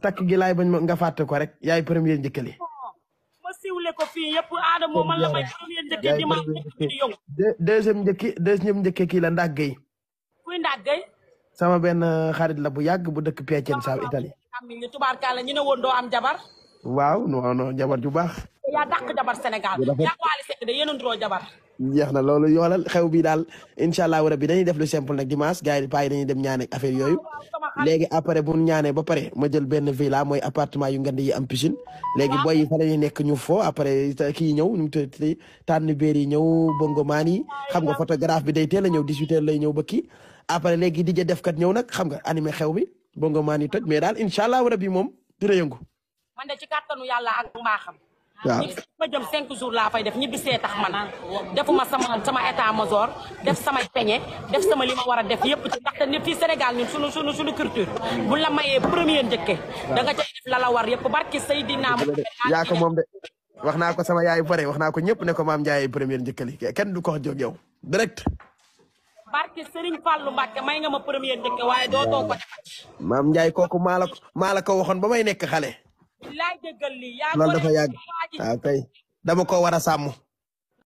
takk gi laay bañ ma nga fàtte ko rek yaay premier njëkkali. ma siwle ko fii yëpp Adamo man la may premier njëkk di ma yow. deuxième deuxième njëkk kii la Ndak Gueye. kuy Ndak Gueye. sama benn xarit la bu yàgg bu dëkk Piacenza saa Italie. amiin ñu jabar. waaw ju baax. yaa na loolu yoolal xew bi daal incha allah rabi dañuy def lu simple na dimanche gars yi di paay dañuy dem ñaan affaire yooyu. léegi après bu ñaanee ba pare ma jël benn villa mooy appartement yu ngand yi am piscine. léegi boy yi fa la ñuy nekk ñu fo après kii ñëw ñu tëj tànn beer yi ñëw bongomaan yi xam nga photographe bi day teel a ñëw 18h lay ñëw ba kii. après léegi di defkat ñëw nag xam nga animé xew bi bongomaan yi toj mais daal incha allah bi moom dina yëngu. man de ci waaw def sama peñé def sama lima wara, def yépp ci ndaxte nit fi Sénégal ñun suñu suñu suñu culture bu la mayé premier ñëkke da nga cay def la la war barké sayidina Seydina ya ko mom dé waxna ko sama yaay bari waxna ko ñëpp ne ko mam jaay premier njëkkali kenn du ko wax jog yow direct barké Serigne fallu mbacké may nga ma premier ñëkke waaye do to ko defati mam jaay koku maa la ko maa ko waxoon ba may nekk xale laay dëggal lii yaa dafa ah, dama ko wara sammu